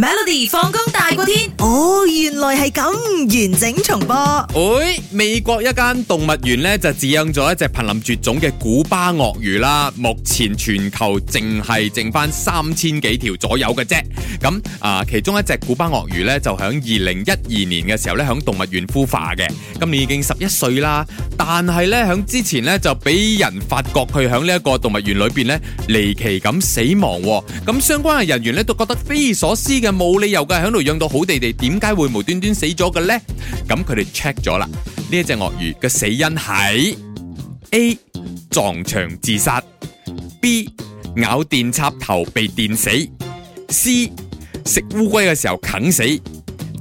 Melody 放工大過天，哦、oh，原來係咁完整重播。喂、哎，美國一間動物園咧就飼養咗一隻瀕臨絕種嘅古巴鱷魚啦，目前全球淨係剩翻三千幾條左右嘅啫。咁啊，其中一隻古巴鱷魚咧就響二零一二年嘅時候咧響動物園孵化嘅，今年已經十一歲啦。但係咧響之前咧就俾人發覺佢響呢一個動物園裏邊咧離奇咁死亡，啊，咁相關嘅人員咧都覺得匪夷所思嘅。冇理由嘅，喺度養到好地地，點解會無端端死咗嘅咧？咁佢哋 check 咗啦，呢一隻鱷魚嘅死因係 A 撞牆自殺，B 咬電插頭被電死，C 食烏龜嘅時候啃死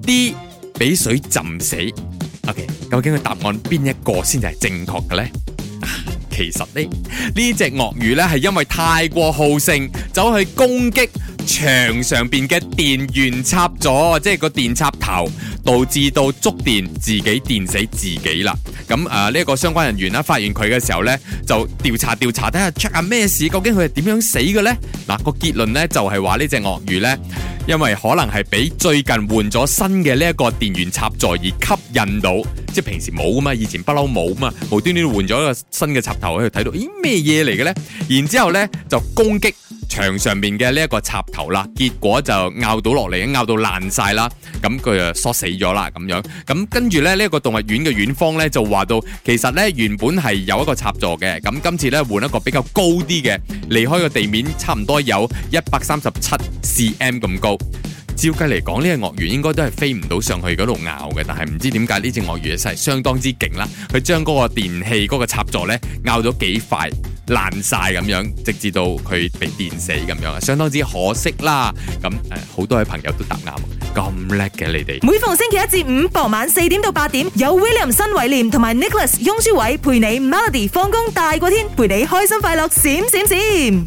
，D 俾水浸死。OK，究竟佢答案邊一個先係正確嘅咧？其實呢呢隻鱷魚咧係因為太過好勝，走去攻擊。牆上邊嘅電源插座，即係個電插頭，導致到觸電自己電死自己啦。咁啊，呢個相關人員啦，發現佢嘅時候呢，就調查調查看看，睇下 check 下咩事，究竟佢係點樣死嘅呢？嗱，個結論呢就係話呢隻鱷魚呢，因為可能係俾最近換咗新嘅呢一個電源插座而吸引到，即係平時冇嘛，以前不嬲冇嘛，無端端換咗一個新嘅插頭喺度睇到，咦咩嘢嚟嘅呢？然之後咧就攻擊。牆上面嘅呢一個插頭啦，結果就拗到落嚟，拗到爛晒啦，咁佢就縮死咗啦咁樣。咁跟住咧，呢、這、一個動物園嘅院方呢，就話到，其實呢原本係有一個插座嘅，咁今次呢換一個比較高啲嘅，離開個地面差唔多有一百三十七 cm 咁高。照計嚟講，呢隻鱷魚應該都係飛唔到上去嗰度咬嘅，但係唔知點解呢隻鱷魚真係相當之勁啦，佢將嗰個電器嗰個插座呢，咬咗幾塊爛晒咁樣，直至到佢被電死咁樣啊，相當之可惜啦。咁誒，好、呃、多位朋友都答啱，咁叻嘅你哋。每逢星期一至五傍晚四點到八點，有 William 新偉廉同埋 Nicholas 雍舒偉陪你 Melody 放工大過天，陪你開心快樂閃閃閃，閃閃閃